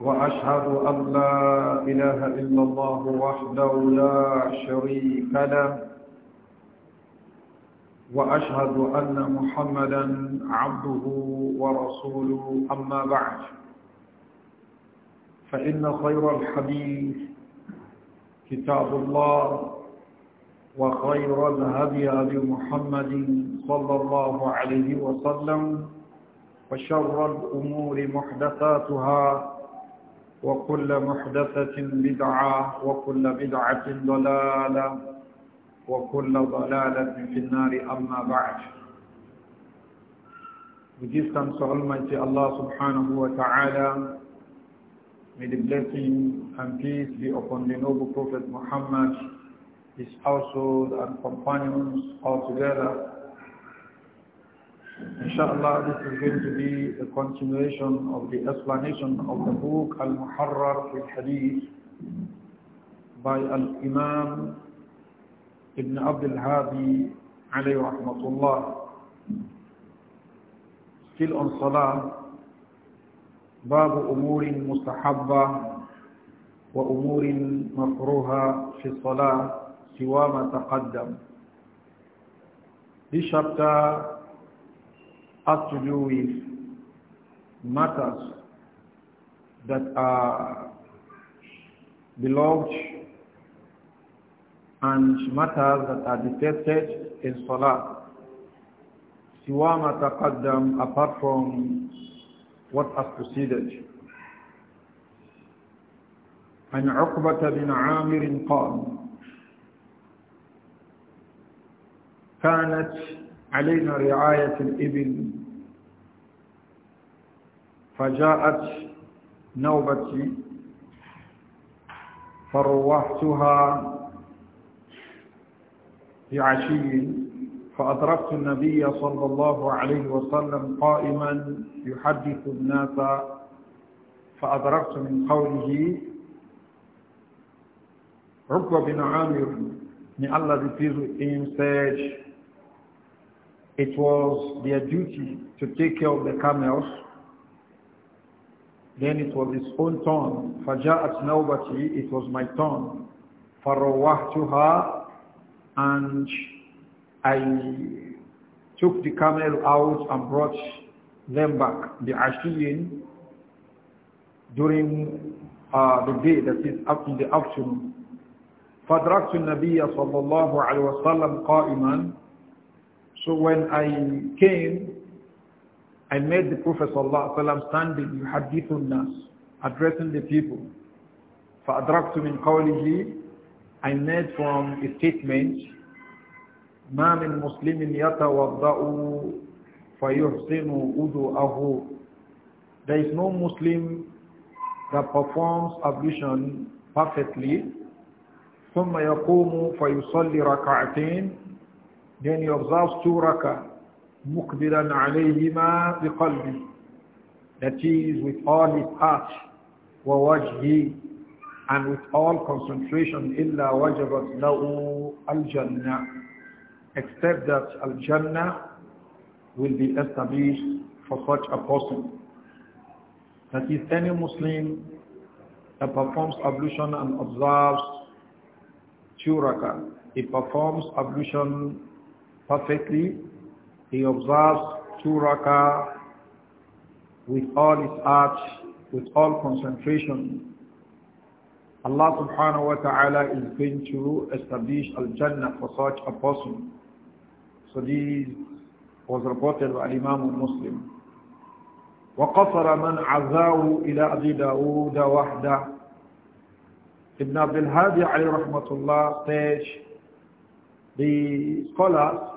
وأشهد أن لا إله إلا الله وحده لا شريك له وأشهد أن محمدا عبده ورسوله أما بعد فإن خير الحديث كتاب الله وخير الهدي هدي محمد صلى الله عليه وسلم وشر الأمور محدثاتها وكل محدثة بدعة وكل بدعة ضلالة وكل ضلالة في النار أما بعد We give thanks to Almighty Allah May the blessing and peace be upon the noble Prophet Muhammad, his household and companions all together. Inshallah, this is going to be a continuation of the explanation of the book Al-Muharrar al Hadith by Al-Imam Ibn Abdul Hadi alayhi rahmatullah. Still on Salah, Babu Umurin Mustahabba wa Umurin Makruha fi Salah siwa taqaddam. This chapter has to do with matters that are beloved and matters that are detested in Salah. Siwama taqaddam apart from what has preceded. عن عقبة بن عامر قال كانت علينا رعاية الإبل فجاءت نوبتي فروحتها بعشي فأدركت النبي صلى الله عليه وسلم قائما يحدث الناس فأدركت من قوله عقبة بن عامر من الله be إنساج it was their duty to take care of the camels. Then it was his own turn. فَجَاءَتْ نَوْبَتِي It was my turn. فَرَوَّحْتُهَا And I took the camel out and brought them back. The Ashiyin during uh, the day that is up in the afternoon. فَدْرَكْتُ النَّبِيَّ صَلَّى اللَّهُ عَلَيْهِ وَسَلَّمْ قَائِمًا so when I came, I made the Prophet ﷺ standing, had nas, addressing the people. فَأَدْرَكْتُ مِنْ قَوْلِهِ I made from a statement, مَا مِنْ مُسْلِمٍ يَتَوَضَّأُ فَيُحْسِنُ أُذُوَهُ There is no Muslim that performs ablution perfectly ثم يقوم فيصلي ركعتين then he observes two rakah, مُقْبِلًا عَلَيْهِمَا بِقَلْبِهِ That he is with all his heart, وَوَجْهِ And with all concentration, إِلَّا وَجَبَتْ al-jannah, Except that al-jannah will be established for such a person. That is any Muslim that performs ablution and observes two rakah. He performs ablution perfectly. He observes two rakah with all his heart, with all concentration. Allah subhanahu wa ta'ala is going to establish al-Jannah for such a person. So this was reported by Imam Muslim. وقصر من عزاه إلى أبي داود وحده Ibn Abdul Hadi alayhi rahmatullah says the scholars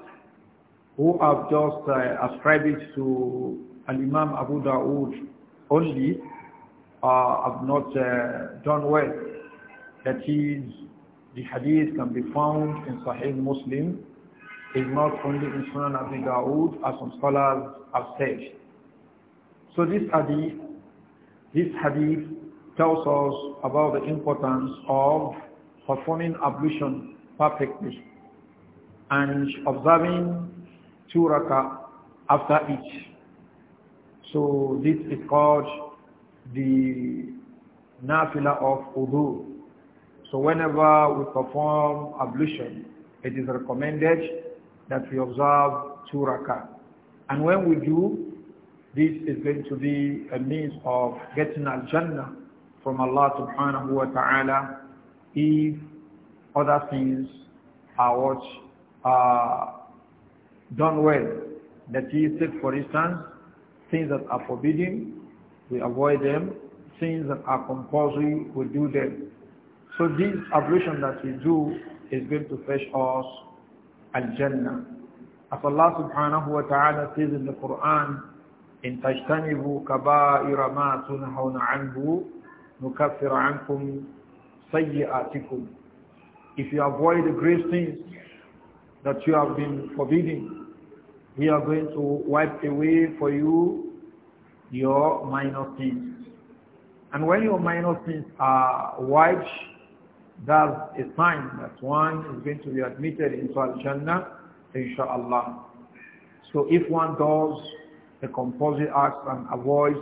who have just uh, ascribed it to imam Abu Dawood only uh, have not uh, done well. That is, the hadith can be found in Sahih Muslim, is not only in Sunan Abu Dawood, as some scholars have said. So this hadith, this hadith tells us about the importance of performing ablution perfectly and observing two rakah after each. So this is called the nafila of wudu. So whenever we perform ablution, it is recommended that we observe two rakah. And when we do, this is going to be a means of getting al-jannah from Allah subhanahu wa ta'ala if other things are what done well. That is, take for instance, things that are forbidden, we avoid them. Things that are compulsory, we do them. So this ablution that we do is going to fetch us al-Jannah. As Allah subhanahu wa ta'ala says in the Quran, إن تجتنبوا كبائر ما تنهون عنه نكفر عنكم سيئاتكم If you avoid the great things that you have been forbidding. We are going to wipe away for you your minor sins. And when your minor sins are wiped, that's a sign that one is going to be admitted into Al-Jannah, inshallah. So if one does the composite acts and avoids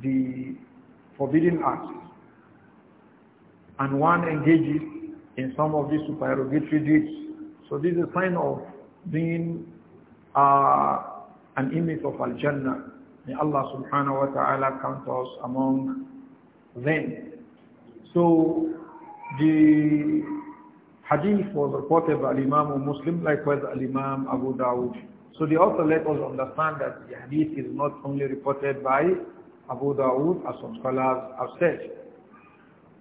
the forbidden acts, and one engages in some of these supererogatory deeds, so this is a sign of being uh, an image of Al-Jannah. May Allah subhanahu wa ta'ala count us among them. So the hadith was reported by Imam Muslim, likewise Imam Abu Dawud. So the author let us understand that the hadith is not only reported by Abu Dawud as some scholars have said.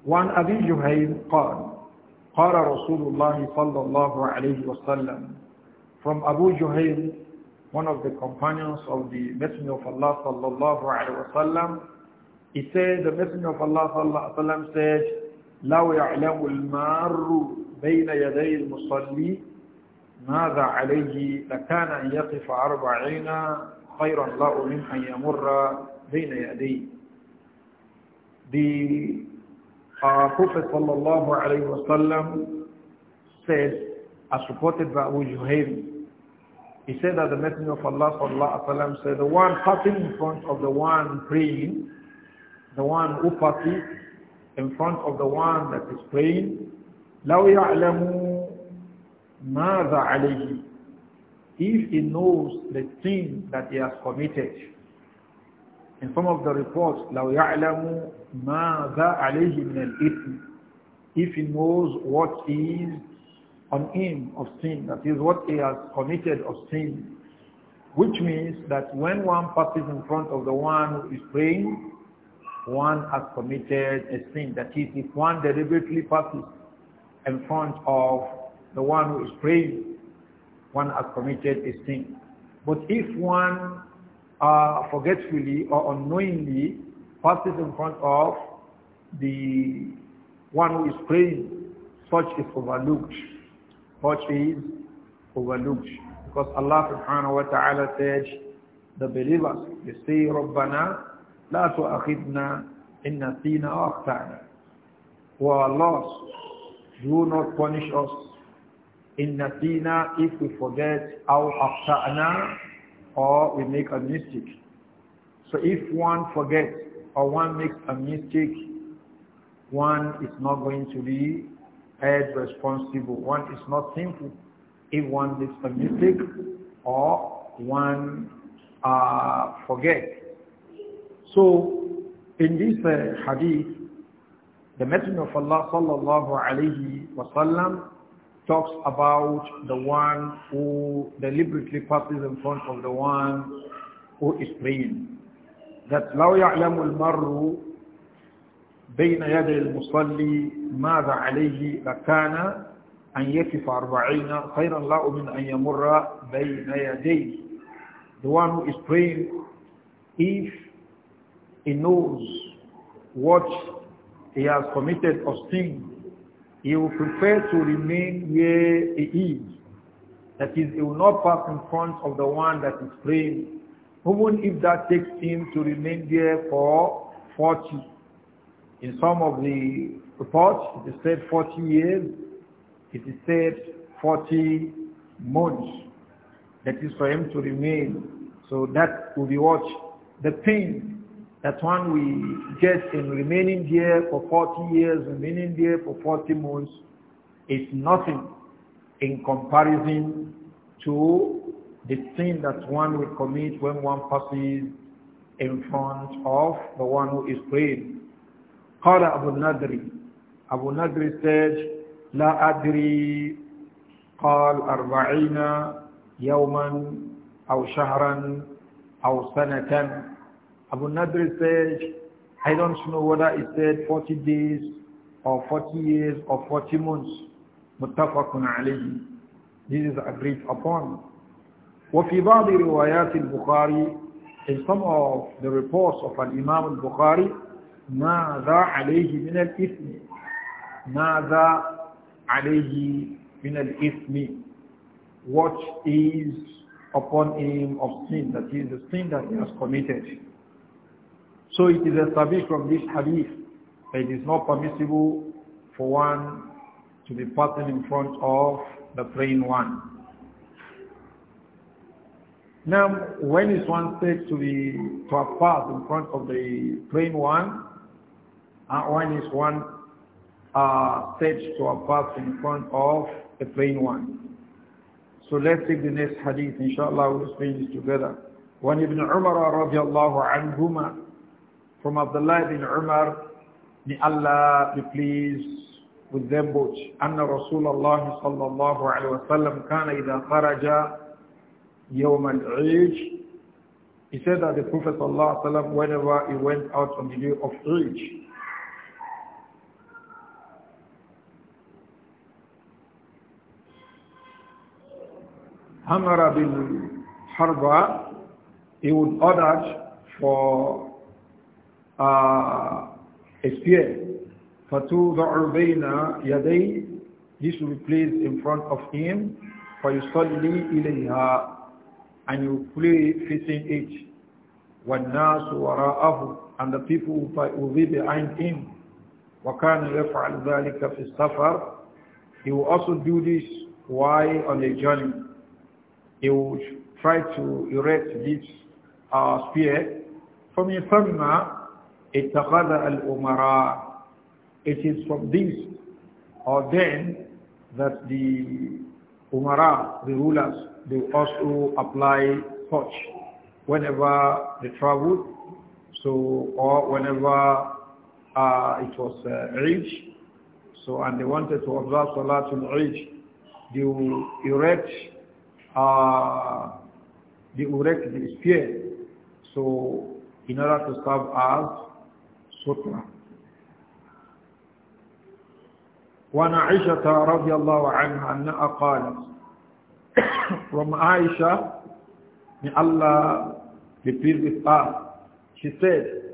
One Abi Juhayl قال قال رسول الله صلى الله عليه وسلم from Abu Juhayl one of the companions of the Messenger of Allah صلى الله عليه وسلم he said the Messenger of Allah صلى الله عليه وسلم said لو يعلم المار بين يدي المصلي ماذا عليه لكان أن يقف أربعين خيرا له من أن يمر بين يديه The Our Prophet sallallahu alayhi wa sallam said, as reported by Abu he said that the Messenger of Allah sallallahu alayhi wa sallam said, the one passing in front of the one praying, the one who passes in front of the one that is praying, لَوْ يَعْلَمُ مَاذَا عَلَيْهِ If he knows the sin that he has committed, in some of the reports, لَوْ يَعْلَمُ مَاذَا عَلَيْهِ مِنَ الْإِثْمِ If he knows what is on him of sin, that is what he has committed of sin, which means that when one passes in front of the one who is praying, one has committed a sin. That is, if one deliberately passes in front of the one who is praying, one has committed a sin. But if one uh, forgetfully or unknowingly passes in front of the one who is praying, such is overlooked. Such is overlooked. Because Allah subhanahu wa ta'ala says, the believers, they say, رَبَّنَا لَا تُؤَخِذْنَا إِنَّ سِينَا وَأَخْتَعْنَا For our loss, do not punish us. in سِينَا If we forget, أَوْ أَخْتَعْنَا or we make a mistake. So if one forgets or one makes a mistake, one is not going to be as responsible. One is not sinful if one makes a mistake or one uh, forgets. So in this uh, hadith, the Messenger of Allah sallallahu alayhi wa sallam talks about the one who deliberately passes in front of the one who is praying. That لو يعلم المرء بين يدي المصلي ماذا عليه لكان أن يكف أربعين خيرا له من أن يمر بين يديه. The one who is praying, if he knows what he has committed of sin he will prefer to remain where he is. That is, he will not pass in front of the one that is praying, even if that takes him to remain there for 40. In some of the reports, it is said 40 years, it is said 40 months. That is for him to remain. So that will be what? The pain that one we get in remaining there for 40 years, remaining there for 40 months is nothing in comparison to the sin that one will commit when one passes in front of the one who is praying. قال أبو النذري أبو النذري said لا أدري قال أربعين يوما أو شهرا أو سنة Abu Nadir said, I don't know whether it said 40 days or 40 years or 40 months. Muttafaqun alayhi. This is agreed upon. وفي بعض روايات البخاري in some of the reports of an Imam al-Bukhari ماذا عليه من الإثم ماذا عليه من الإثم what is upon him of sin that is the sin that he has committed so it is established from this hadith that it is not permissible for one to be passing in front of the praying one. Now, when is one said to be to have passed in front of the praying one, and when is one uh, said to have passed in front of the praying one? So let's take the next hadith. Inshallah, we'll explain this together. When Ibn Umar radiallahu anhuma from Abdullah bin Umar, may Allah be pleased with them both. Anna رسول sallallahu صلى الله عليه وسلم كان إذا خرج يوم العيد He said that the Prophet صلى الله عليه وسلم whenever he went out on the day of Eid, Hamara bin Harba, he would order for uh, a spear. فَتُوضَعُ بَيْنَ يَدَيْهِ This will be placed in front of him. فَيُصَلِّي إِلَيْهَا And you play facing it. وَالنَّاسُ وَرَاءَهُ And the people who will be behind him. وَكَانَ يَفْعَلْ ذَلِكَ فِي السَّفَرِ He will also do this while on a journey. He will try to erect this uh, spear from a family اتخذ الأمراء it is from this or then that the umara, the rulers, they also apply torch whenever they traveled, so or whenever uh, it was uh, Eid, so and they wanted to observe Salatul Eid, they will erect, uh, they erect the spear, so in order to serve as سترة وأنا عائشة رضي الله عنها أنها قالت from عائشة من الله be pleased with she said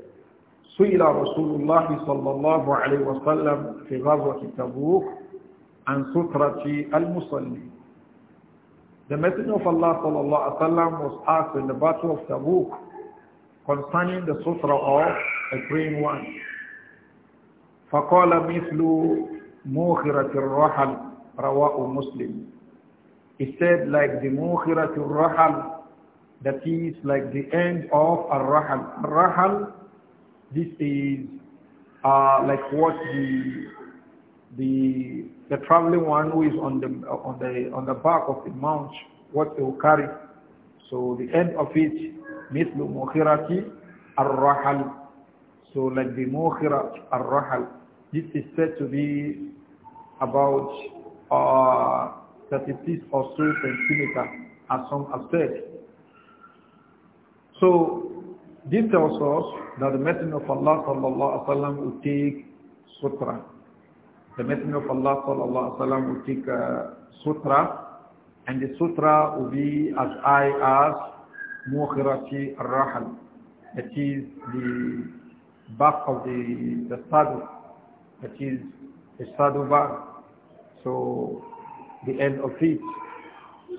سئل رسول الله صلى الله عليه وسلم في غزوة تبوك عن سترة المصلي The Messenger of Allah صلى الله عليه وسلم was asked in the battle of Tabuk concerning the sutra of a green one. فقال مثل مغيرة الرحل رواه مسلم. He said like the مغيرة الرحل that is like the end of Ar-Rahal. rahal this is uh, like what the, the, the traveling one who is on the, on, the, on the back of the mount, what they will carry. So the end of it مثل مخرة الرحل so like the مخرة الرحل this is said to be about uh, 36 or so centimeter as some have said so this tells us that the Messenger of Allah sallallahu alaihi wasallam will take sutra the Messenger of Allah sallallahu alaihi wasallam will take uh, sutra and the sutra will be as high as mukhirati al-rahal. That is the back of the, the saddle. That is the saddle back. So the end of it.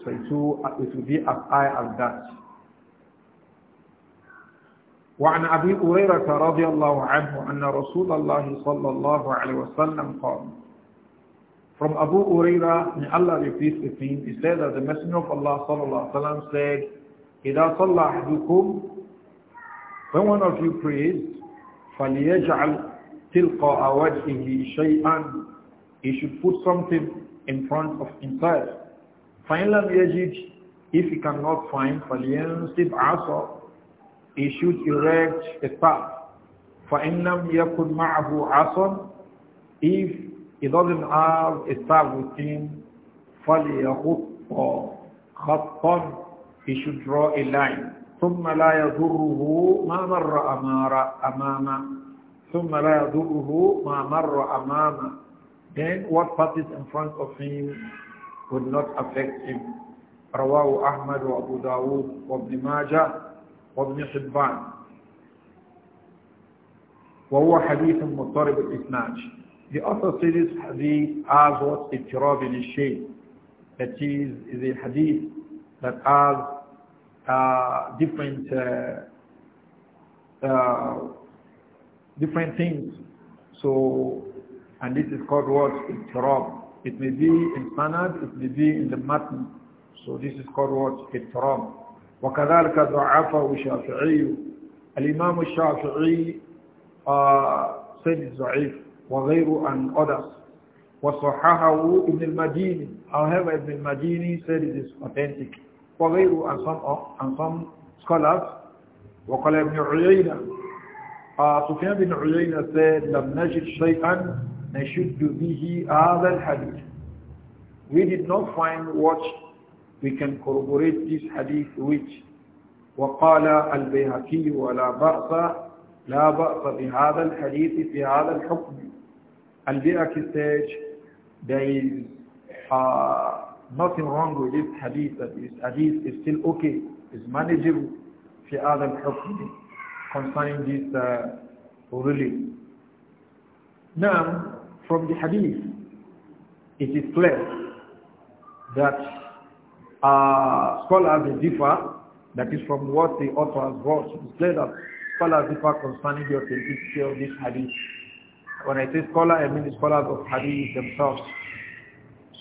So it will, it will be as high as that. وعن أبي هريرة رضي الله عنه أن رسول الله صلى الله عليه وسلم قال From Abu Huraira, may Allah be pleased with him, he said that the Messenger of Allah said, إِذَا صَلَّى أَحْدُكُمْ When one of you prays, فَلْيَجْعَلْ تِلْقَى وجهه شَيْئًا He should put something in front of himself. فَإِنْ لَمْ يَجِدْ If he cannot find, فلينصب عصا, He should erect a staff. فَإِنْ لَمْ يَكُنْ مَعَهُ عصا, If he doesn't have a staff with him, فَلْيَخُطَّ خَطًّا he should draw a line. ثم لا يضره ما مر أمام ثم لا يضره ما مر Then what passes in front of him would not affect him. رواه أحمد وأبو داود وابن ماجه وابن حبان وهو حديث مضطرب الإسناد The author says this hadith as in the shape. that is, is a hadith that has uh, different uh, uh, different things. So, and this is called what? Ittirab. It may be in sanad, it may be in the matn. So this is called what? Ittirab. وكذلك ضعفه الشافعي الإمام الشافعي said ضعيف وغير and others وصححه ابن المديني however ابن المديني said it is authentic وغيره and some, uh, and some وقال ابن عيينة آه، سفيان بن عيينة said لم نجد شيئا نشد به هذا الحديث we did not find what we can corroborate this hadith with وقال البيهكي ولا بأس لا بأس بهذا الحديث في هذا الحكم البيهكي said there is uh, nothing wrong with this hadith, that this hadith is still okay, is manageable في هذا الحكم concerning this uh, ruling. Now, from the hadith, it is clear that uh, scholars differ, that is from what the author has brought, it is clear that scholars differ concerning the authenticity of this hadith. When I say scholar, I mean the scholars of hadith themselves.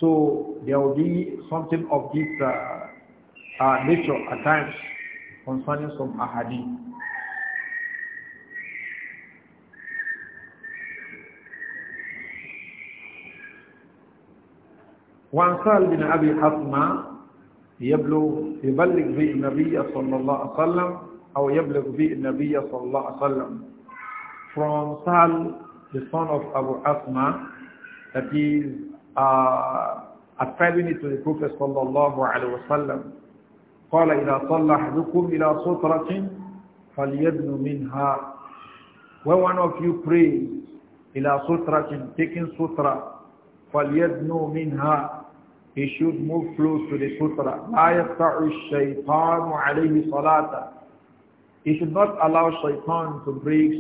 So there will be something of this uh, uh, nature at times concerning some ahadith. وعن سهل بن أبي حطمة يبلغ يبلغ به النبي صلى الله عليه وسلم أو يبلغ به النبي صلى الله عليه وسلم from Sal, the son of Abu Asma, that is uh, ascribing it to the Prophet sallallahu alaihi wasallam. قال إذا طل أحدكم إلى سطرة فليدن منها. When one of you prays إلى سطرة taking sutra فليدن منها he should move close to the sutra. لا يقطع الشيطان عليه صلاته. He should not allow shaytan to break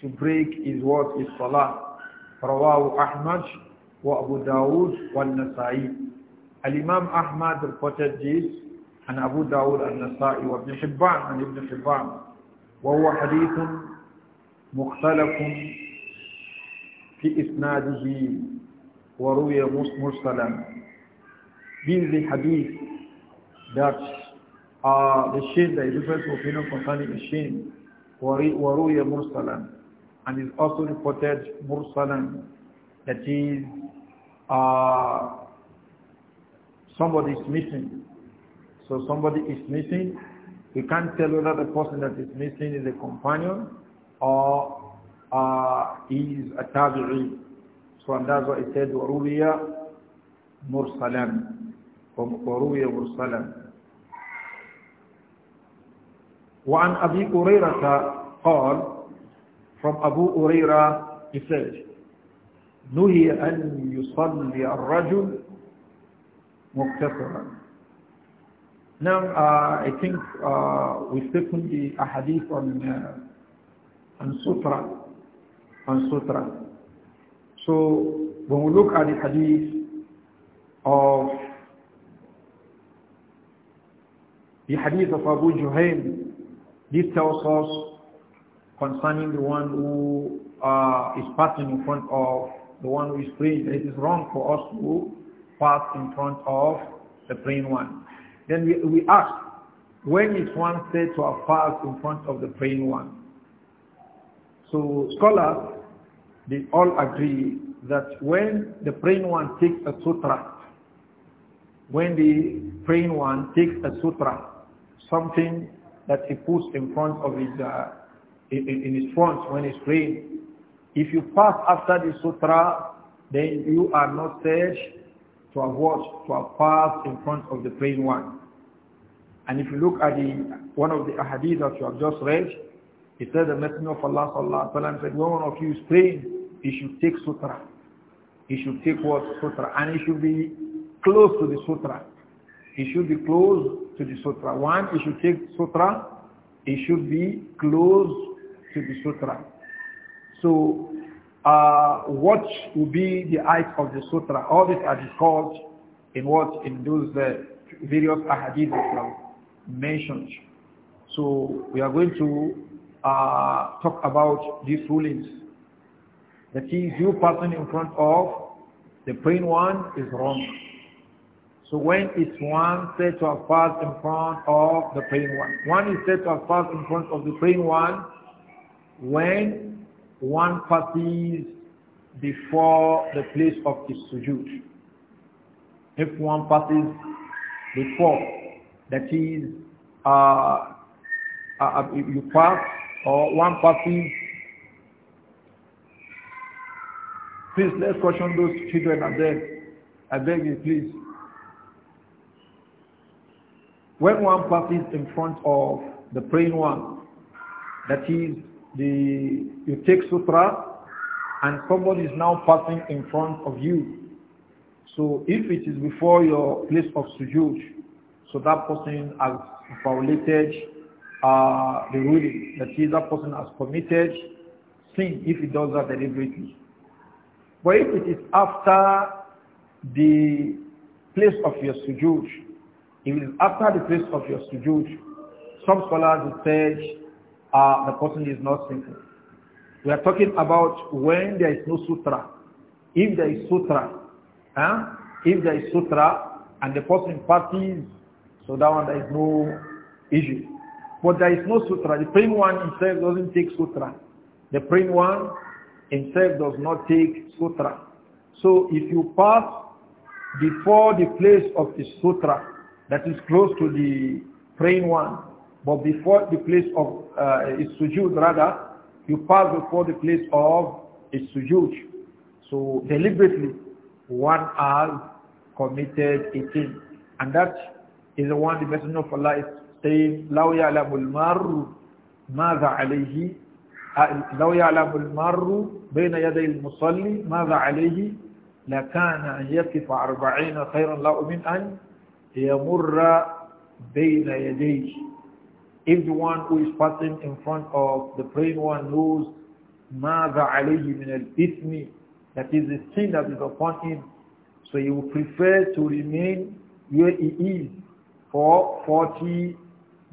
to break his word, his salah. رواه أحمد وابو داود والنسائي الامام احمد البوتجيز عن ابو داود النسائي وابن حبان عن ابن حبان وهو حديث مختلف في اسناده وروي مرسلا بذ الحديث دات ا الشين ذا يدفس وفينو كنتاني الشين وروي مرسلا and is also reported مرسلا That is, uh, somebody is missing. So somebody is missing. We can't tell whether the person that is missing is a companion or uh, is a tabi'i. So and that's why it said, وَرُوِيَ مُرْسَلًا وَرُوِيَ مُرْسَلًا وعن أبي أريرة قال from Abu Uraira he said نهي أن يصلي الرجل مقتصرا Now, uh, I think uh, we've taken the hadith on, uh, on sutra, on sutra. So, when we look at the hadith of the hadith of Abu Juhayn, this tells us concerning the one who uh, is passing in front of the one who is praying. It is wrong for us to pass in front of the praying one. Then we, we ask, when is one said to have passed in front of the praying one? So scholars, they all agree that when the praying one takes a sutra, when the praying one takes a sutra, something that he puts in front of his, uh, in, in his front when he's praying, if you pass after the sutra, then you are not said to have watched, to have passed in front of the praying one. And if you look at the, one of the hadith that you have just read, it says the Messenger of Allah sallallahu wa wasallam said, when one of you is praying, he should take sutra. He should take what? Sutra. And he should be close to the sutra. He should be close to the sutra. One, he should take sutra. He should be close to the sutra. So uh, what will be the height of the sutra? All these are discussed in what? In those uh, various ahadith that mentioned. So we are going to uh, talk about these rulings. That is, you person in front of the praying one is wrong. So when is one said to have passed in front of the praying one? One is said to have passed in front of the praying one when one passes before the place of his sujood. If one passes before, that is, uh, uh, uh you pass or one passes. Please let's caution those children out there. I beg you, please. When one passes in front of the praying one, that is the you take sutra and somebody is now passing in front of you. So if it is before your place of sujood, so that person has violated uh, the ruling. That is, that person has committed sin if he does that deliberately. But if it is after the place of your sujood, if it is after the place of your sujood, some scholars have said uh, the person is not sinful. We are talking about when there is no sutra. If there is sutra, huh? if there is sutra and the person parties, so that one there is no issue. But there is no sutra. The praying one himself doesn't take sutra. The praying one himself does not take sutra. So if you pass before the place of the sutra that is close to the praying one, but before the place of uh, its sujood, rather, you pass before the place of its sujood. So deliberately, one has committed a sin. And that is the one the Messenger of Allah is saying, لَوْ يَعْلَمُ الْمَرُّ مَاذَا عَلَيْهِ لو يعلم المر بين يدي المصلي ماذا عليه لكان أن يقف أربعين خيرا له من أن يمر بين يديه if the one who is passing in front of the praying one knows ماذا عليه من الإثم that is the sin that is upon him, so he will prefer to remain where he is for 40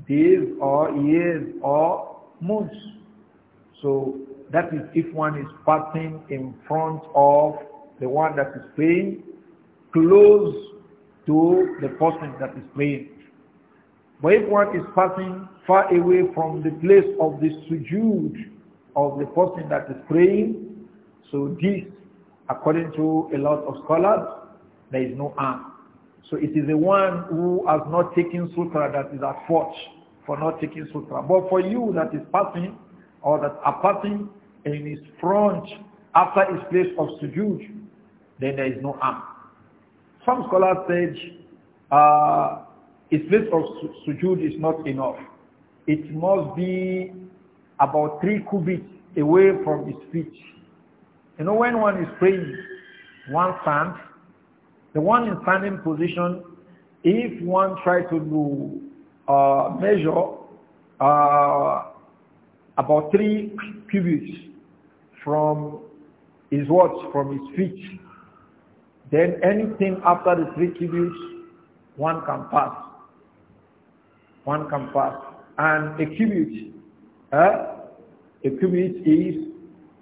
days or years or months. So that is if one is passing in front of the one that is praying, close to the person that is praying. But if one is passing far away from the place of the sujood of the person that is praying. So this, according to a lot of scholars, there is no harm. So it is the one who has not taken sutra that is at fault for not taking sutra. But for you that is passing or that are passing in his front after his place of sujood, then there is no harm. Some scholars said uh, his place of sujud sujood is not enough it must be about three cubits away from his feet. You know, when one is praying, one stands. The one in standing position, if one tries to do, uh, measure uh, about three cubits from his what? From his feet. Then anything after the three cubits, one can pass. One can pass and a cubit, eh? a cubit is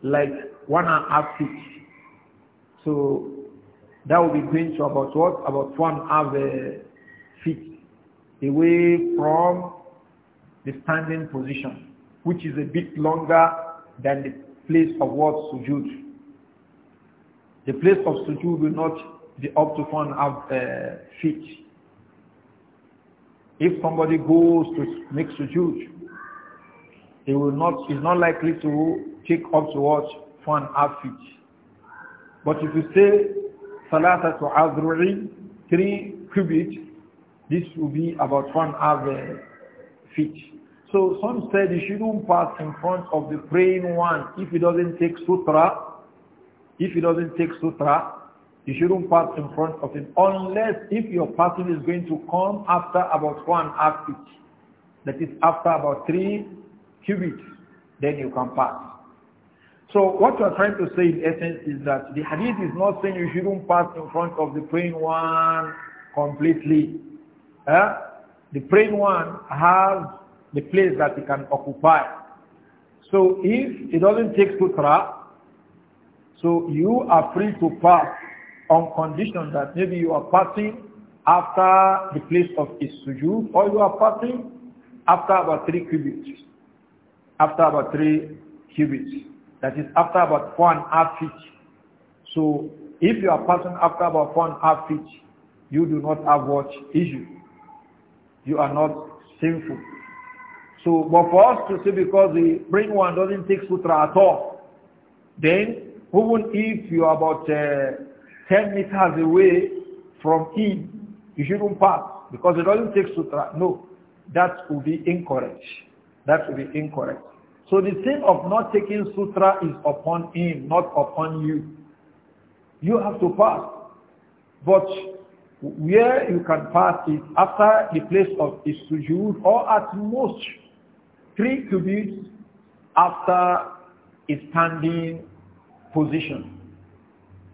like one and a half feet. So that will be going to about what? About one and a half uh, feet away from the standing position, which is a bit longer than the place of what sujood. The place of sujood will not be up to one and a half uh, feet. If somebody goes to make sujood, he will not, he's not likely to take up to watch for an outfit. But if you say salata to azru'i, three cubits, this will be about one other feet. So some said you shouldn't pass in front of the praying one if he doesn't take sutra, if he doesn't take sutra, you shouldn't pass in front of him unless if your passing is going to come after about one half That is after about three cubits, then you can pass. So what you are trying to say in essence is that the hadith is not saying you shouldn't pass in front of the praying one completely. Eh? The praying one has the place that he can occupy. So if it doesn't take sutra, so you are free to pass on condition that maybe you are passing after the place of his or you are passing after about three cubits. After about three cubits. That is after about four and a half feet. So if you are passing after about four and a half feet, you do not have what issue. You are not sinful. So, but for us to say because the brain one doesn't take sutra at all, then even if you are about uh, 10 meters away from him, you shouldn't pass because it doesn't take sutra. No, that would be incorrect. That would be incorrect. So the sin of not taking sutra is upon him, not upon you. You have to pass. But where you can pass is after the place of is sujood or at most three cubits after a standing position.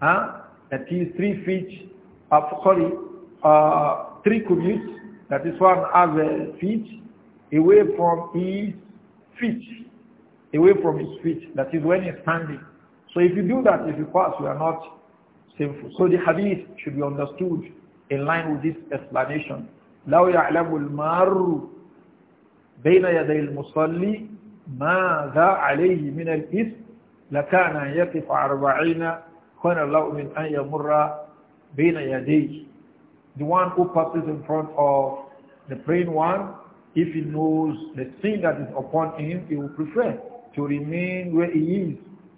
Huh? that is three feet, uh, sorry, uh, three cubits, that is one other feet, away from his feet, away from his feet, that is when he's standing. So if you do that, if you pass, you are not sinful. So the hadith should be understood in line with this explanation. لو يعلم المار بين يدي المصلي ماذا عليه من الإثم لكان يقف أربعين خَيْرَ اللَّهُ مِنْ أَنْ يَمُرَّ بَيْنَ يَدَيْهِ The one who passes in front of the praying one, if he knows the sin that is upon him, he will prefer to remain where he is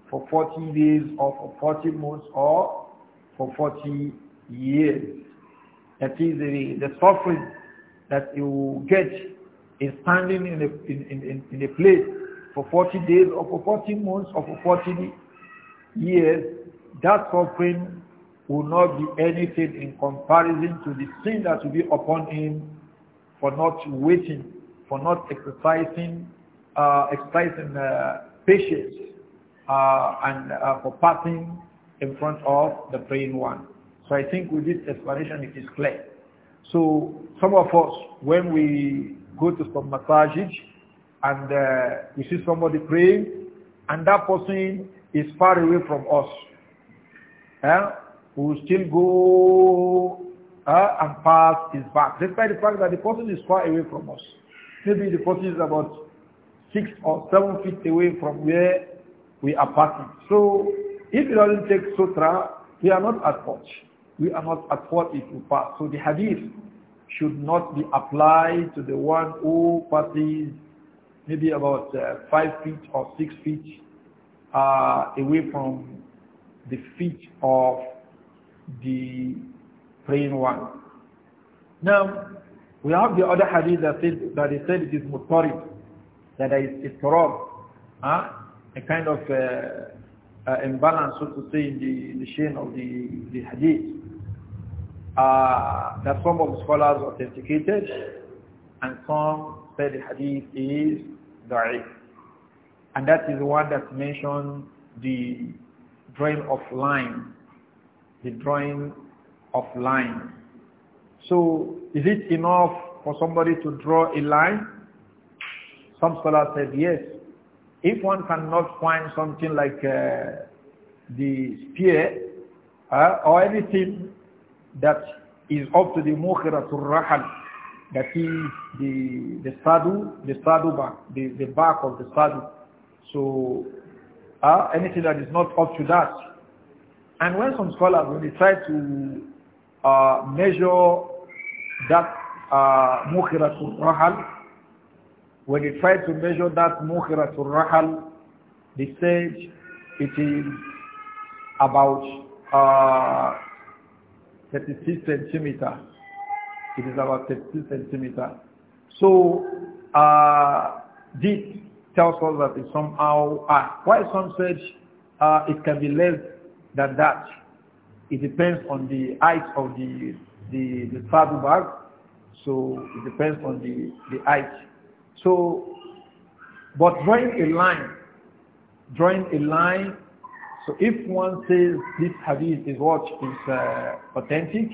for 40 days or for 40 months or for 40 years. That is the, the suffering that you get in standing in a, in, in, in a place for 40 days or for 40 months or for 40 years that suffering will not be anything in comparison to the sin that will be upon him for not waiting, for not exercising, uh, exercising uh, patience uh, and uh, for passing in front of the praying one. So I think with this explanation it is clear. So some of us, when we go to some massages and uh, we see somebody praying and that person is far away from us, eh, will still go uh, and pass his back, despite the fact that the person is far away from us. Maybe the person is about six or seven feet away from where we are passing. So if it doesn't take sutra, we are not at fault. We are not at fault if we pass. So the hadith should not be applied to the one who passes maybe about uh, five feet or six feet uh, away from the feet of the praying one. Now, we have the other hadith that that said it is mutarib, that it is corrupt, huh? a kind of uh, uh, imbalance, so to say, in the, the chain of the, the hadith. Uh, that some of the scholars authenticated and some said the hadith is da'if. And that is the one that mentioned the drawing of line, the drawing of line. So is it enough for somebody to draw a line? Some scholars said yes. If one cannot find something like uh, the spear uh, or anything that is up to the mukhiratul rahal, that is the, the saddle, the saddle back, the, the back of the saddle. So uh, anything that is not up to that. And when some scholars, when they try to uh, measure that uh, mukhiratul uh, rahal, when they try to measure that mukhiratul rahal, they said it is about uh, 36 centimeter. It is about 36 centimeter. So uh, deep tells us that it's somehow, uh, why some said uh, ah, it can be less than that. It depends on the height of the, the, the saddle bag. So it depends on the, the height. So, but drawing a line, drawing a line, so if one says this hadith is what is uh, authentic,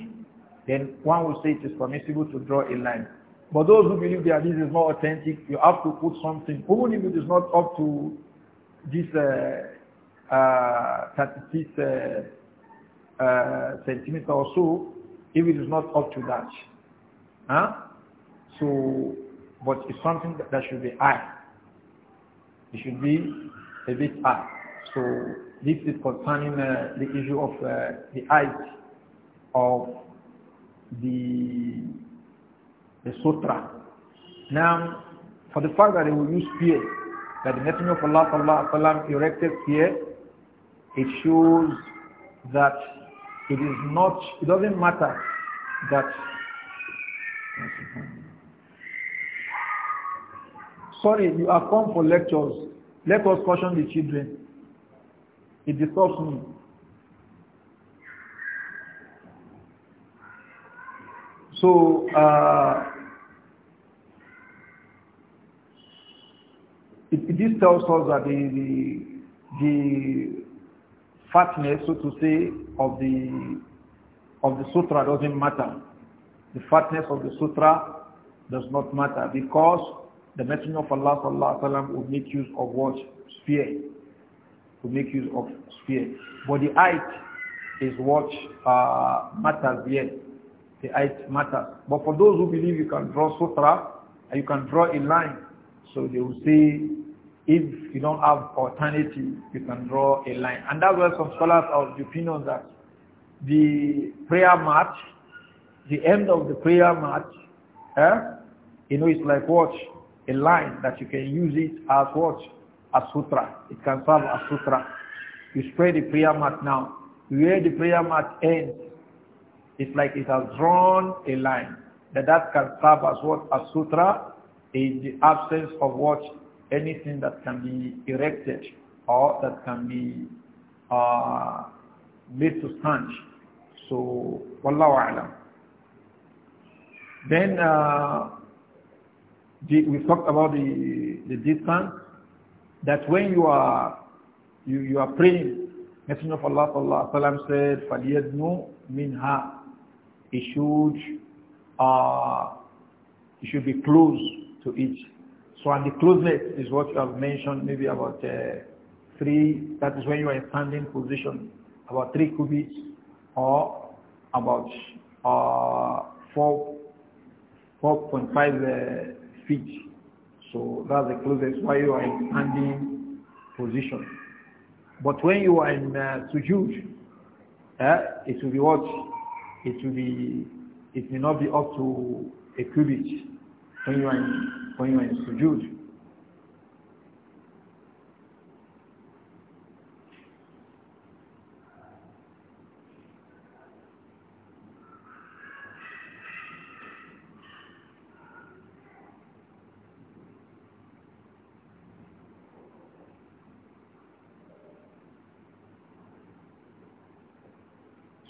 then one will say it is permissible to draw a line. But those who believe that this is not authentic, you have to put something, even if it is not up to this uh, uh, uh, uh, centimeter or so, if it is not up to that. Huh? So, but it's something that, that should be high. It should be a bit high. So this is concerning uh, the issue of uh, the height of the the sutra. Now, for the fact that we will use here that the Messenger of Allah sallallahu alaihi erected here, it shows that it is not, it doesn't matter that sorry, you have come for lectures. Let us caution the children. It disturbs me. So, uh, it, this tells us that the, the, the fatness, so to say, of the, of the sutra doesn't matter. The fatness of the sutra does not matter because the Messenger of Allah sallallahu alaihi wasallam will make use of what? sphere, to make use of sphere. But the height is what uh, matters here. The height matters. But for those who believe you can draw sutra, and you can draw a line, so they will say if you don't have opportunity, you can draw a line. And that's where some scholars are of the opinion that the prayer mat, the end of the prayer mat, eh, you know, it's like what? A line that you can use it as what? As sutra. It can serve as sutra. You spread the prayer mat now. Where the prayer mat ends, it's like it has drawn a line. That that can serve as what? As sutra in the absence of what? anything that can be erected or that can be uh, made to stand. So, Wallahu A'lam. Then uh, the, we talked about the, the distance, that when you are, you, you are praying, Messenger of Allah sallallahu alayhi wa said, فَلْيَدْنُ مِنْهَا It should, uh, it should be close to each. So and the closeness is what you have mentioned, maybe about uh, three, that is when you are in standing position, about three cubits or about uh, four, 4.5 uh, feet. So that's the closest why you are in standing position. But when you are in uh, sujood, eh, uh, it will be what? It will be, it may not be up to a cubit when you are in, when you are in sujood.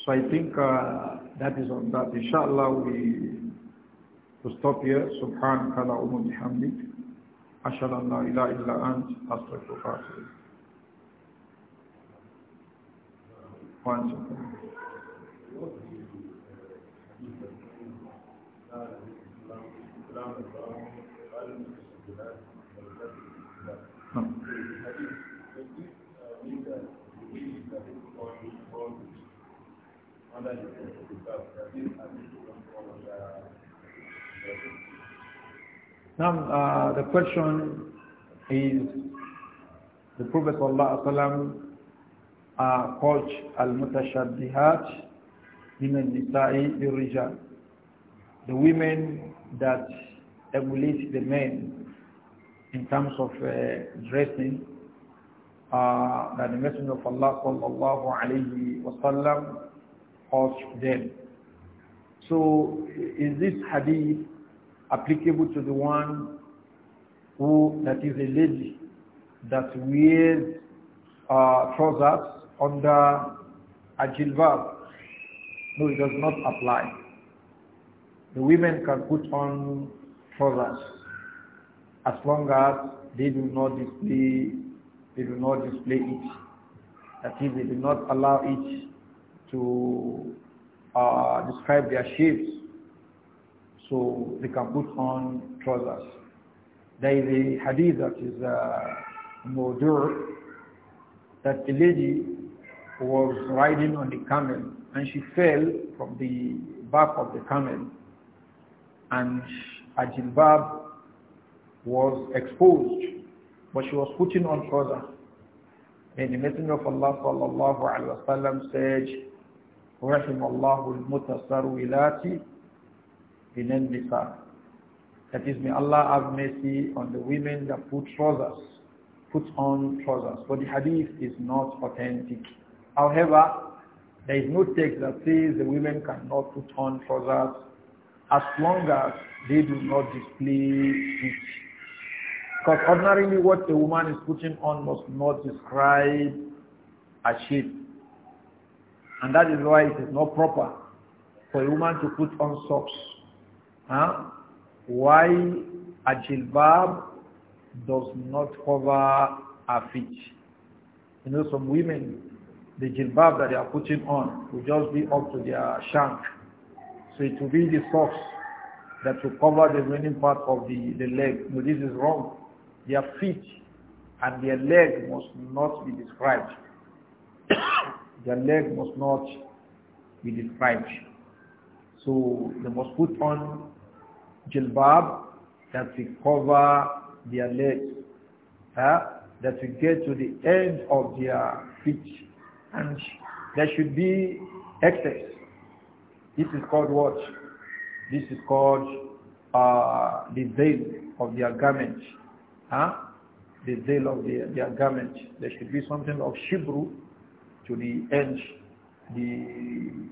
So I think uh, that is on that. Inshallah, we استطيع سبحانك لا أم بحمدك أشهد أن لا إله إلا أنت أصدق وأتوب إليك Thank you. نعم. نعم. Now, uh, the question is the Prophet ﷺ uh, called al-mutashabbihat min al-nisa'i rijal the women that emulate the men in terms of uh, dressing uh, that the Messenger of Allah sallallahu alayhi wasallam caused them. So is this hadith applicable to the one who, that is a lady, that wears uh, trousers under a jilbab. No, it does not apply. The women can put on trousers as long as they do not display they do not display it. That is, they do not allow it to uh, describe their shapes so they can put on trousers. There is a hadith that is uh, Mudur, that the lady was riding on the camel and she fell from the back of the camel and her jilbab was exposed but she was putting on trousers. And the Messenger of Allah sallallahu alayhi wa sallam said, رحم الله المتسرولات binan nisa. That is, may Allah have mercy on the women that put trousers, put on trousers. But the hadith is not authentic. However, there is no text that says the women cannot put on trousers as long as they do not display it. Because ordinarily what a woman is putting on must not describe a shape. And that is why it is not proper for a woman to put on socks Huh? Why a jilbab does not cover a feet. You know, some women, the jilbab that they are putting on will just be up to their shank. So it will be the socks that will cover the remaining part of the, the leg. No, this is wrong. Their feet and their leg must not be described. their leg must not be described. So they must put on jilbab that will cover their legs, that will get to the end of their feet. And there should be excess. This is called what? This is called uh, the veil of their garment. Huh? The veil of their, their garment. There should be something of shibru to the end, the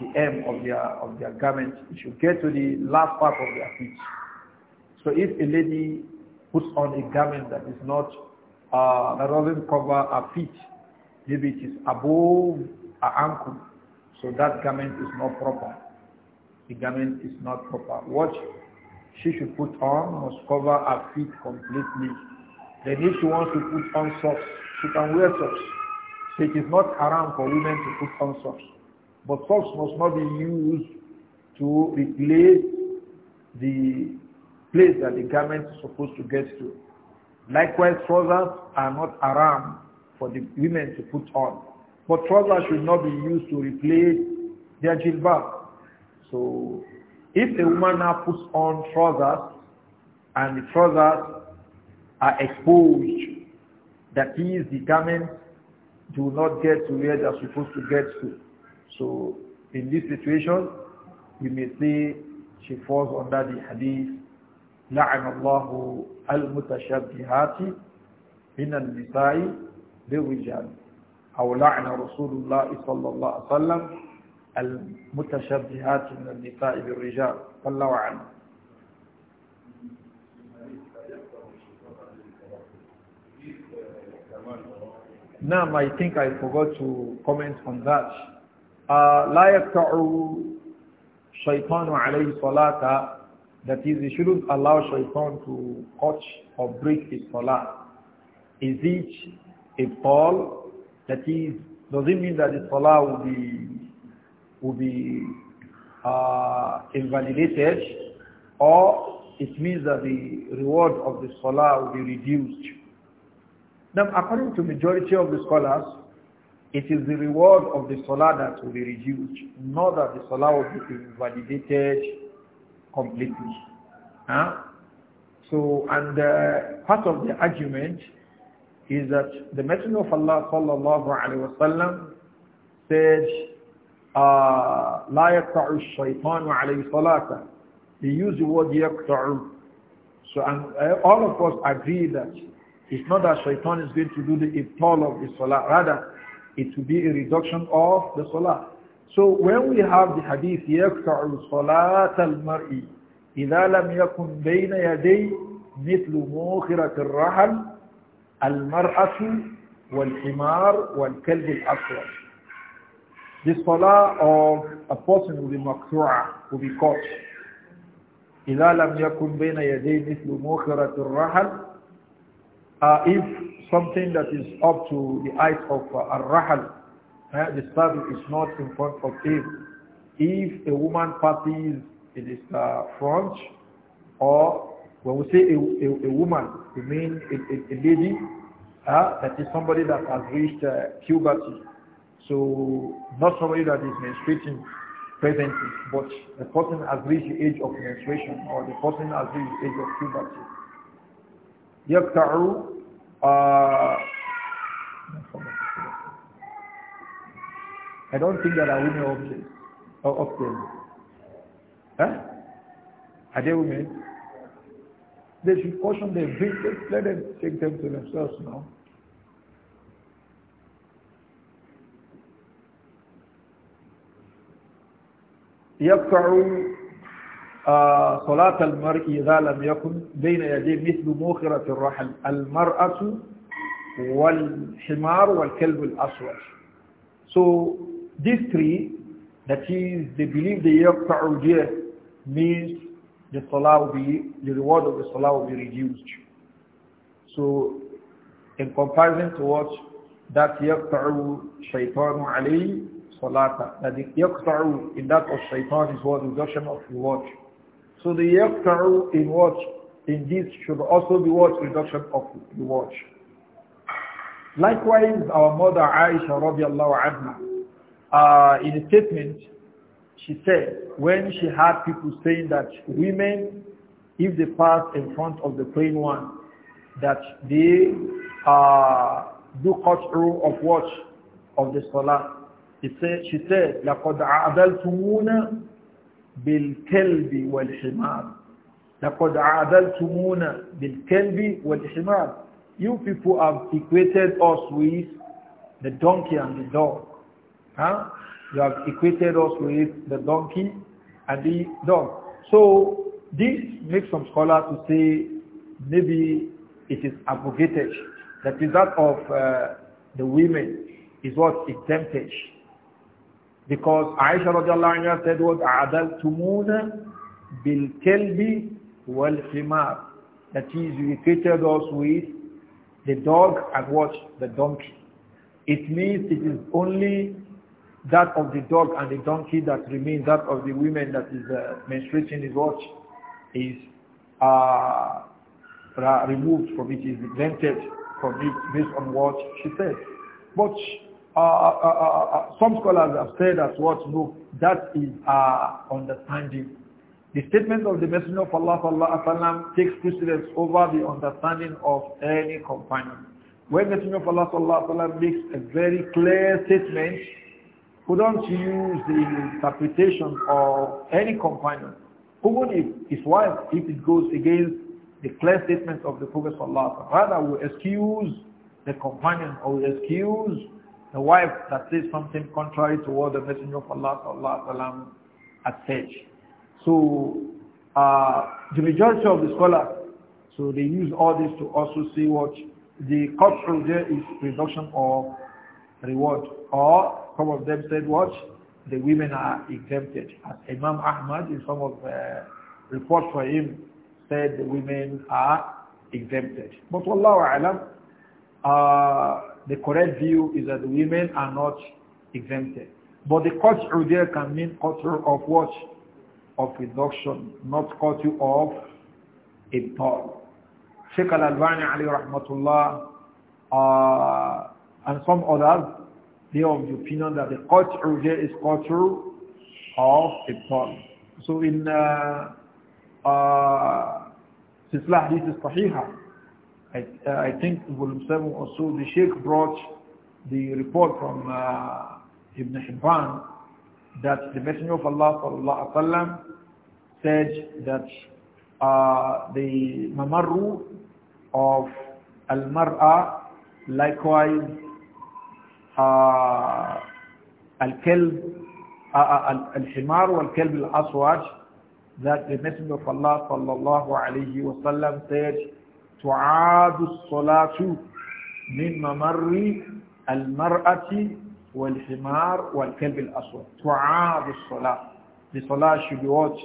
the hem of their of their garment. It should get to the last part of their feet. So if a lady puts on a garment that is not uh, that doesn't cover her feet, maybe it is above her ankle, so that garment is not proper. The garment is not proper. What she should put on must cover her feet completely. Then if she wants to put on socks, she can wear socks. So it is not haram for women to put on socks. But salts must not be used to replace the place that the garment is supposed to get to. Likewise, trousers are not haram for the women to put on. But trousers should not be used to replace their jilbab. So if a woman now puts on trousers and the trousers are exposed, that is the garment do not get to where they're supposed to get to, so in this situation, we may say she falls under the hadith, لَعَنَ اللَّهُ الْمُتَشَبِّهَاتِ مِنَ النِّسَاءِ بِالرِّجَالِ أو لعن رسول الله صلى الله عليه وسلم المتشبهات من النساء بالرجال صلى وعلا Now I think I forgot to comment on that. Uh, لا يقطع شيطان عليه صلاة that is he shouldn't allow shaitan to cut or break his salah. Is it a fall? That is, does it mean that the salah will be, will be uh, invalidated? Or it means that the reward of the salah will be reduced? Now, according to majority of the scholars, it is the reward of the salah that will be reduced, not that the salah will be invalidated completely. Huh? So, and uh, part of the argument is that the Messenger of Allah sallallahu alaihi wasallam said, uh, لا يقطع الشيطان عليه صلاته. He used the word يقطع. So and uh, all of us agree that it's not that shaitan is going to do the ibtal of the salah. Rather, it will be a reduction of the salah. So when we have the hadith, يَكْتَعُ صَلَاةَ الْمَرْءِ إِذَا لَمْ يَكُنْ بَيْنَ يَدَيْ مِثْلُ مُوخِرَةِ الرَّحَلِ الْمَرْحَةِ والحمار والكلب الأسود. The salah of a person will be مقطوعة, will be caught. إذا لم يكن بين يَدَيْ مثل موخرة الرحل uh, if something that is up to the height of uh, ar-rahal, uh, the saddle is not in front of him. If a woman passes in his uh, front, or when we say a, a, a woman, we mean a, a, a lady, uh, that is somebody that has reached uh, puberty. So not somebody that is menstruating presently, but the person has reached the age of menstruation or the person has reached the age of puberty. يقطع uh, I don't think that are women options or options. Huh? Are they women? They should caution them. Let them take them to themselves now. صلاة المرء إذا لم يكن بين يديه مثل موخرة الرحل المرأة والحمار والكلب الأسود So these three, that is, they believe the yaqta'u jih means the salah will be, the reward of the salah will be reduced. So in comparison to what that yaqta'u shaytanu alayhi salata, that yaqta'u in that of shaitan is what reduction of reward. So the yaqta'u in what? In this should also be what? Reduction of the watch. Likewise, our mother Aisha radiallahu anha, uh, in a statement, she said, when she had people saying that women, if they pass in front of the plain one, that they uh, do qat'u of watch Of the salah. She said, she said, لَقَدْ عَدَلْتُمُونَ بالكلب والحمار لقد عادلتمونا بالكلب والحمار You people have equated us with the donkey and the dog. Huh? You have equated us with the donkey and the dog. So this makes some scholars to say maybe it is abrogated. That is that of uh, the women is what exempted. Because Aisha radiallahu anha said what Adaltumuna bil kelbi wal himar. That is, you created us with the dog and what? The donkey. It means it is only that of the dog and the donkey that remains, that of the women that is uh, menstruating is what? Is uh, removed from it, is exempted from it based on what she said. But uh uh, uh, uh, uh, some scholars have said as what no, that is our understanding. The statement of the Messenger of Allah sallallahu alaihi wasallam takes precedence over the understanding of any companion. When the Messenger of Allah sallallahu alaihi wasallam makes a very clear statement, we don't use the interpretation of any companion, even if his wife, if it goes against the clear statement of the Prophet sallallahu alaihi wasallam. Rather, we excuse the companion or we excuse the wife that says something contrary to what the Messenger of Allah sallallahu had said. So uh, the majority of the scholars, so they use all this to also see what the cultural there is reduction of reward. Or some of them said what? The women are exempted. As Imam Ahmad in some of the uh, reports for him said the women are exempted. But Allah Alam, uh, the correct view is that women are not exempted. But the qat'u there can mean culture of what? Of reduction, not culture of ibtal. Sheikh al-Albani alayhi rahmatullah uh, and some others, they are of the opinion that the qat'u there is culture of a ibtal. So in uh, uh, Sislah, this is Sahiha. I, think Volume 7 also, the Sheikh brought the report from uh, Ibn Hibban that the Messenger of Allah sallallahu alaihi wasallam said that uh, the mamaru of al-mar'a likewise uh, al-kalb uh, uh, al-himar wal-kalb al-aswad that the Messenger of Allah sallallahu alaihi wasallam said تعاد الصلاة من ممر المرأة والحمار والكلب الأسود تعاد الصلاة The salah should be what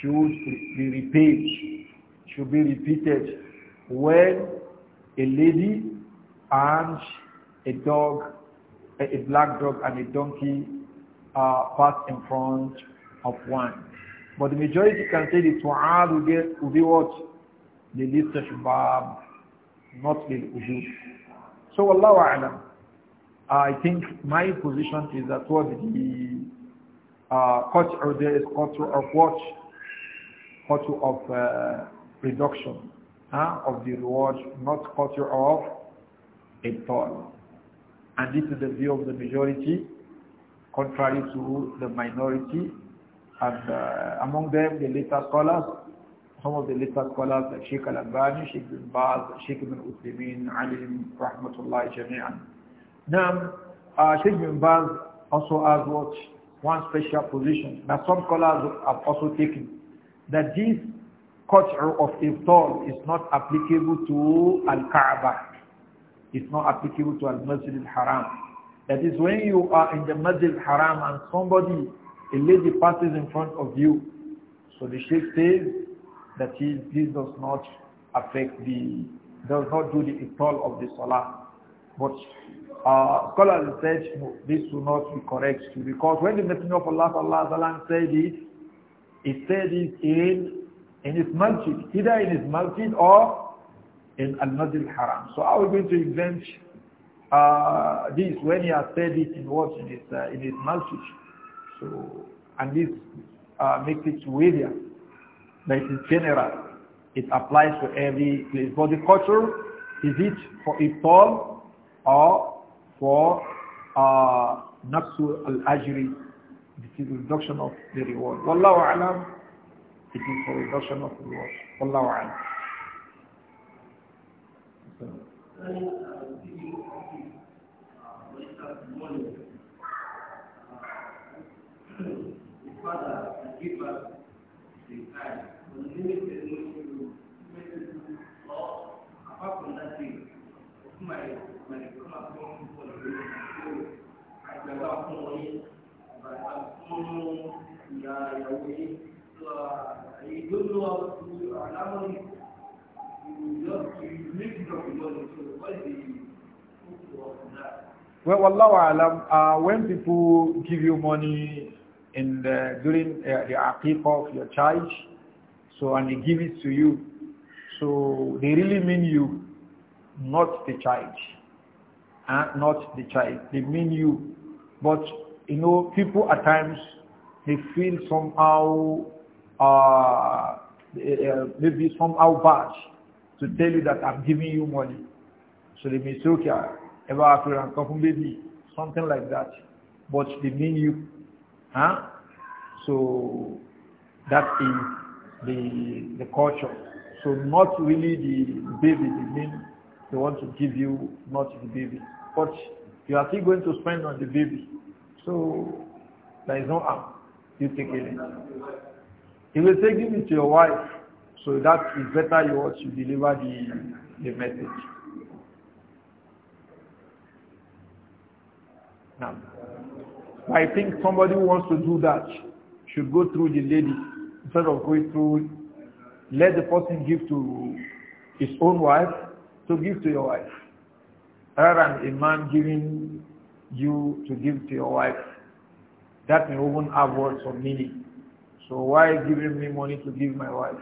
should be repeated, should be repeated when a lady and a dog, a black dog and a donkey are uh, pass in front of one. But the majority can say the tu'ad will be what? للاستحباب not للوجوب so والله أعلم I think my position is that what the uh, culture there is culture of what culture of uh, reduction huh? of the reward not culture of thought. and this is the view of the majority contrary to the minority and uh, among them the later scholars some of the little scholars like Sheikh Al-Albani, Sheikh bin Baz, Sheikh bin Uthimin, Alim, Rahmatullah, Jami'an. Now, uh, Sheikh bin Baz also has what one special position that some scholars have also taken, that this culture of iftar is not applicable to Al-Kaaba. It's not applicable to Al-Masjid Al-Haram. That is when you are in the Masjid Al-Haram and somebody, a lady passes in front of you. So the Sheikh says, that is, this does not affect the, does not do the install of the salah. But uh, scholars said no, this will not be correct because when the Messenger of Allah sallallahu said it, he said it in in his masjid, either in his masjid or in Al Masjid Haram. So how are we going to invent uh, this when he has said it in what in his uh, in his masjid? So and this uh, makes it wavier that it is general. It applies to every place. But the culture, is it for iftar or for uh, nafsu al-ajri, This is reduction of the reward. Wallahu alam, it is for reduction of the reward. Wallahu alam. Father, give us Well, Allah alam, uh, when people give you money in the, during uh, the aqiqah of your child, so and they give it to you. So they really mean you, not the child. and uh, not the child. They mean you. But, you know, people at times, they feel somehow, uh, uh, uh, maybe somehow bad to tell you that I'm giving you money. So they may say, okay, ever after I'm baby, something like that. But they mean you. Huh? So that is the the culture. So not really the baby, the mean, they want to give you, not the baby. But you are still going to spend on the baby. So there is no harm. You take it. You will take it to your wife. So that is better you want to deliver the, the message. Number. I think somebody who wants to do that should go through the lady instead of going through, let the person give to his own wife, to give to your wife. Rather than a man giving you to give to your wife, that may even have words or meaning. So why giving me money to give my wife?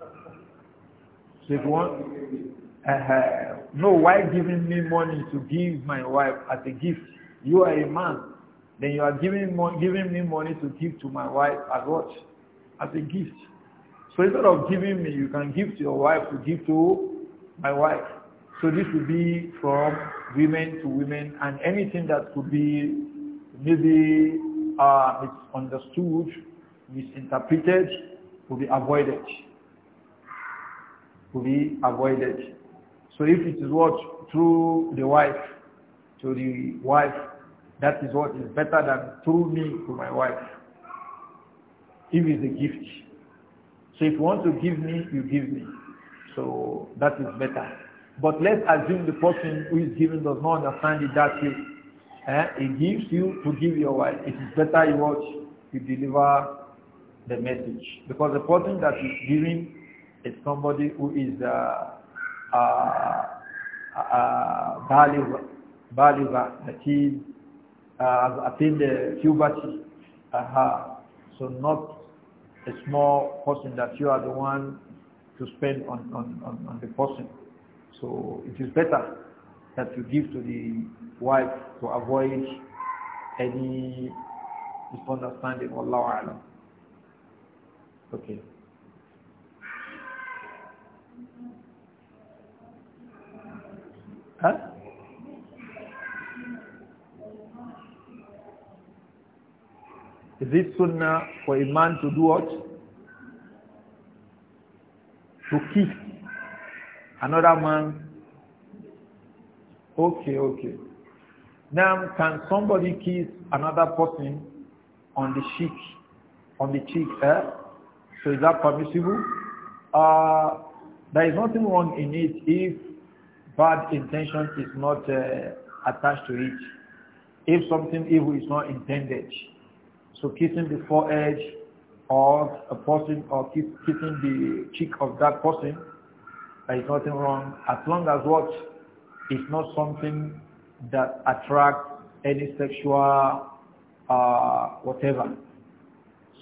So if you want, uh, no, why giving me money to give my wife as a gift? You are a man. Then you are giving, giving me money to give to my wife as what? As a gift. So instead of giving me, you can give to your wife to give to my wife. So this would be from women to women and anything that could be maybe uh, misunderstood, misinterpreted, will be avoided. Will be avoided. So if it is what through the wife, to the wife, that is what is better than through me to my wife. Give it's a gift. So if you want to give me, you give me. So that is better. But let's assume the person who is giving does not understand it that way. Eh? He gives you to give your wife. It is better you watch, you deliver the message. Because the person that is giving is somebody who is uh, uh, uh, uh Baliva, Baliva, that is has attained puberty. Aha. So not a small person that you are the one to spend on, on, on, on the person. So it is better that you give to the wife to avoid any misunderstanding. Allah alam. Okay. Huh? Is it sunnah for a man to do what? To kiss another man? Okay, okay. Now, can somebody kiss another person on the cheek? On the cheek, eh? So is that permissible? Uh, there is nothing wrong in it if bad intention is not uh, attached to it. If something evil is not intended. So kissing the forehead of a person or kissing the cheek of that person, there is nothing wrong as long as what is not something that attracts any sexual uh, whatever.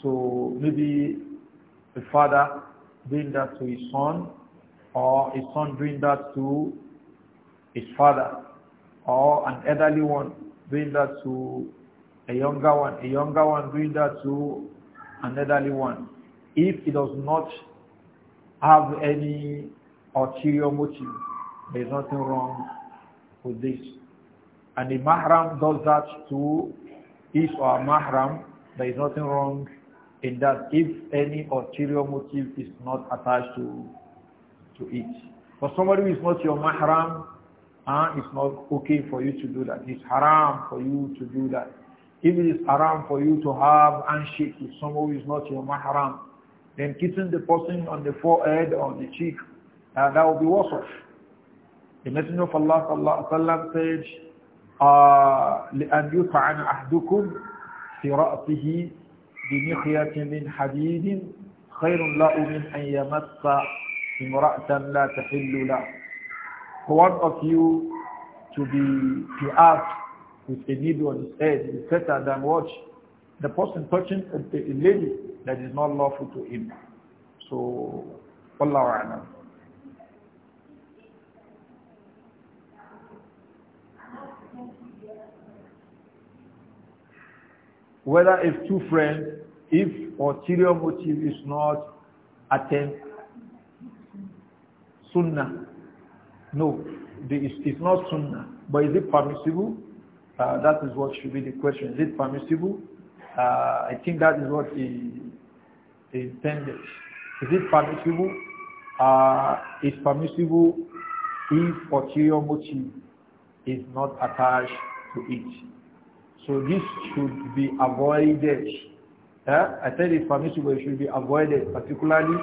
So maybe a father doing that to his son or his son doing that to his father or an elderly one doing that to a younger one, a younger one doing that to an elderly one, if he does not have any ulterior motive, there is nothing wrong with this. And the mahram does that to his or mahram, there is nothing wrong in that if any ulterior motive is not attached to, to it. For somebody who is not your mahram, uh, it's not okay for you to do that. It's haram for you to do that. If it is haram for you to have handshake with someone who is not your mahram, then kissing the person on the forehead or the cheek, uh, that will be worse off. The Messenger of Allah sallallahu alaihi wasallam said, uh, لأن يطعن أحدكم في رأسه بمخية من حديد خير له من أن يمس امرأة لا تحل له. For one of you to be to ask with a needle on his head is better than watch the person touching a, a lady that is not lawful to him. So, Allah A'lam. Whether if two friends, if ulterior motive is not attempt, sunnah. No, it's not sunnah. But is it permissible? Uh, that is what should be the question. Is it permissible? Uh, I think that is what he, he intended. Is it permissible? Uh, it's permissible if ulterior motive is not attached to it. So this should be avoided. Yeah? I tell it's permissible, it should be avoided, particularly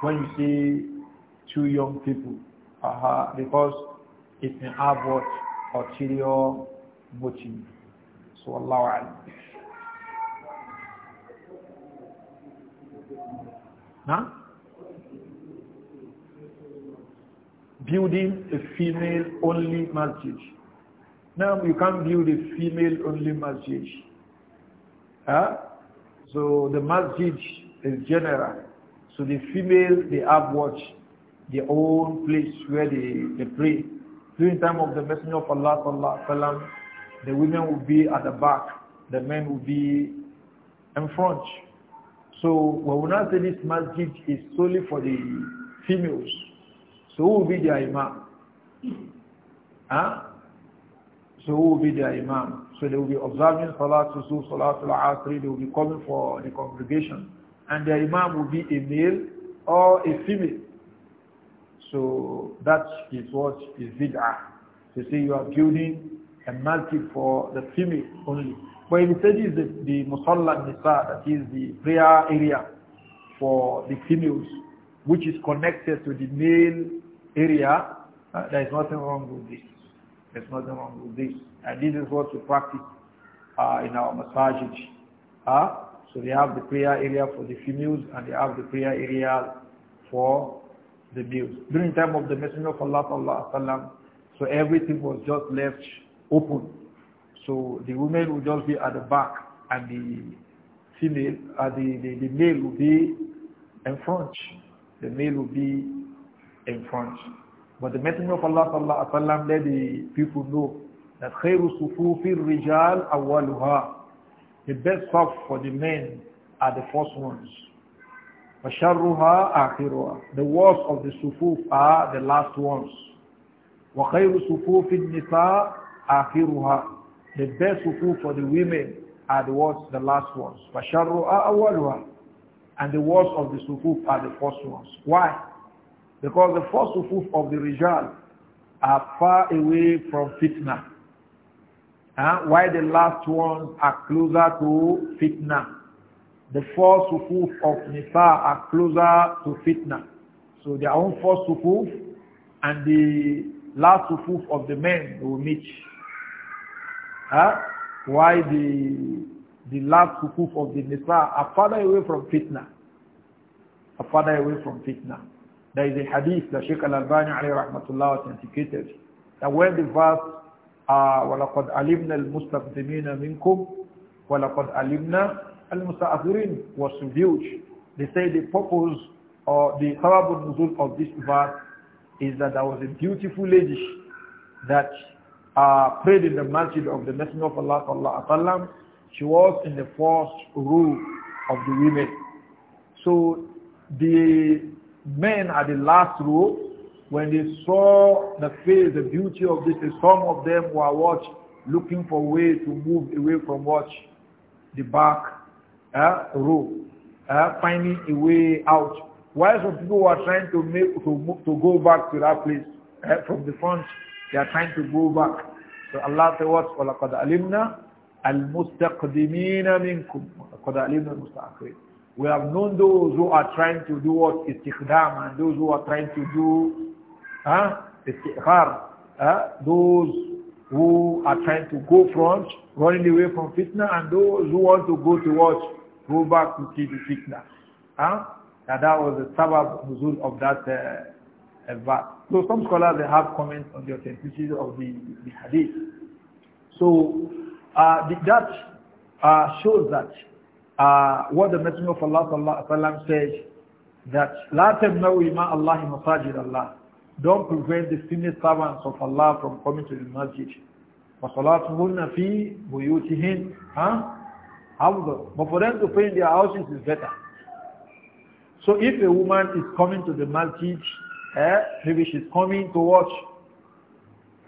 when you see two young people, uh -huh, because it may have what ulterior so Allah Alam. na Building a female-only masjid. Now you can't build a female-only masjid. Huh? So the masjid is general. So the female, they have what? Their own place where they, they pray. During time of the Messenger of Allah sallallahu alaihi wasallam, the women will be at the back, the men will be in front. So what we now say this masjid is solely for the females, so who will be the imam? Huh? So who will be the imam? So they will be observing Salat Susuf, Salat Al-Asri, they will be coming for the congregation. And the imam will be a male or a female. So that is what is bid'ah. They say you are building and mount for the female only. But in the is the, the Musalla Nisa, that is the prayer area for the females, which is connected to the male area, uh, there is nothing wrong with this. There's nothing wrong with this. And this is what we practice uh, in our masajid. Uh, so they have the prayer area for the females and they have the prayer area for the males. During the time of the Messenger of Allah so everything was just left open. So the women will just be at the back and the female, uh, the, the, the male will be in front. The male will be in front. But the Messenger of Allah sallallahu Wa wasallam let the people know that khairu sufufi rijal awwaluha. The best stuff for the men are the first ones. وَشَرُّهَا akhiruha. The worst of the sufuf are the last ones. وَخَيْرُ صُفُوفِ النِّسَاء akhiruha. The best suku for the women are the ones, the last ones. Fasharruha awaluha. And the worst of the sukuf are the first ones. Why? Because the first sukuf of the rijal are far away from fitna. Huh? Why the last ones are closer to fitna. The first sukuf of nisa are closer to fitna. So their own first sukuf and the last sukuf of the men will meet huh? why the the last hukuf of the Nisa are further away from fitna. Are further away from fitna. There is a hadith that Sheikh Al-Albani alayhi rahmatullah authenticated that when the verse uh, وَلَقَدْ عَلِمْنَا الْمُسْتَقْدِمِينَ مِنْكُمْ وَلَقَدْ عَلِمْنَا الْمُسْتَأْخِرِينَ was revealed. They say the purpose or the sabab nuzul of this verse is that there was a beautiful lady that uh, prayed in the masjid of the Messenger of Allah sallallahu alaihi wasallam. She was in the first row of the women. So the men at the last row, when they saw the face, the beauty of this, some of them were watching, Looking for way to move away from what? The back uh, row. Uh, finding a way out. Why some people were trying to make to, move, to go back to that place uh, from the front they are trying to go back. So Allah says alimna وَلَقَدْ عَلِمْنَا الْمُسْتَقْدِمِينَ مِنْكُمْ وَلَقَدْ عَلِمْنَا الْمُسْتَأْخِرِينَ We have known those who are trying to do what? Istiqdam and those who are trying to do huh? Istiqhar. Huh? Those who are trying to go front, running away from fitna and those who want to go towards, Go back to see the fitna. Huh? That, that was the sabab of that uh, verse. So some scholars they have comments on the authenticity of the, the hadith. So uh, the, that uh, shows that uh, what the Messenger of Allah sallallahu alaihi wasallam says that لا no إماء الله مساجد الله don't prevent the female servants of Allah from coming to the masjid. وَصَلَاتُهُنَّ فِي بُيُوتِهِنْ huh? but for them to paint in their houses is better. So if a woman is coming to the masjid Eh? Maybe she's coming to watch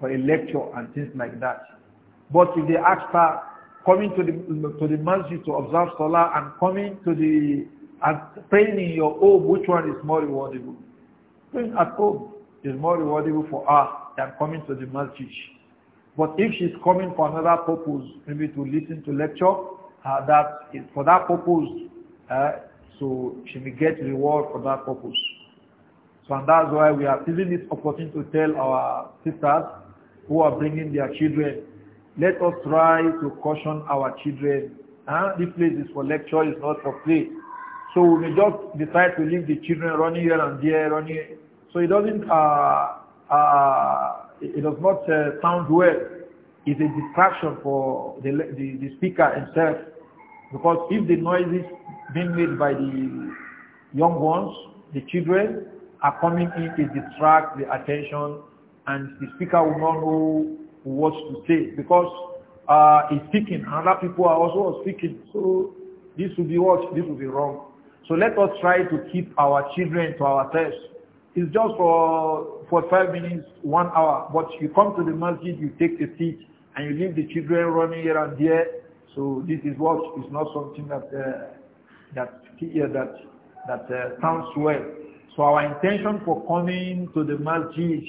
for a lecture and things like that. But if they ask her, coming to the, to the masjid to observe Salah and coming to the, and praying in your home, which one is more rewardable? Praying at home is more rewardable for her than coming to the masjid. But if she's coming for another purpose, maybe to listen to lecture, uh, that is for that purpose, uh, so she may get reward for that purpose. So and that's why we are using this opportunity to tell our sisters who are bringing their children, let us try to caution our children. Huh? Ah, this place is for lecture, it's not for play. So we may just decide to leave the children running here and there, running. Here. So it doesn't, uh, uh, it does not uh, sound well. It's a distraction for the, the, the speaker himself. Because if the noise is being made by the young ones, the children, are coming in to distract the attention and the speaker will not know what to say because uh, he's speaking and other people are also speaking. So this will be what? This will be wrong. So let us try to keep our children to ourselves. It's just for, for five minutes, one hour. But you come to the masjid, you take a seat, and you leave the children running here and there. So this is what is not something that uh, that yeah, that that uh, sounds well. So our intention for coming to the masjid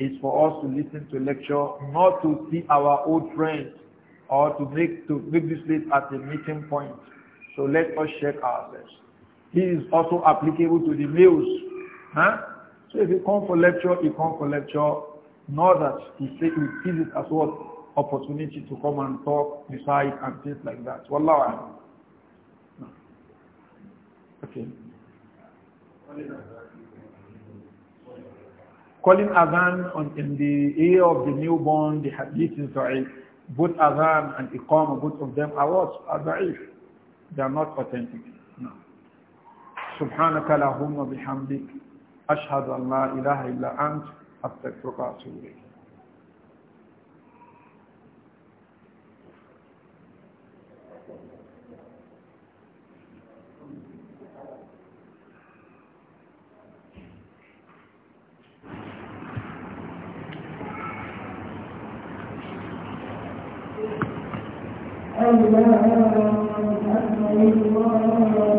is for us to listen to lecture, not to see our old friends or to make to make this list at the meeting point. So let us check ourselves. This is also applicable to the males. Huh? So if you come for lecture, you come for lecture, not that you say you see it as what opportunity to come and talk, decide and things like that. Wallah. Okay. Calling Adhan on, in the ear of the newborn, the hadith is da'if. Both Adhan and Iqamah, both of them are what? Are da'if. They are not authentic. No. سبحانك اللهم بحمدك أشهد أن لا إله إلا أنت أستغفرك وأتوب إليك أن لا أن الله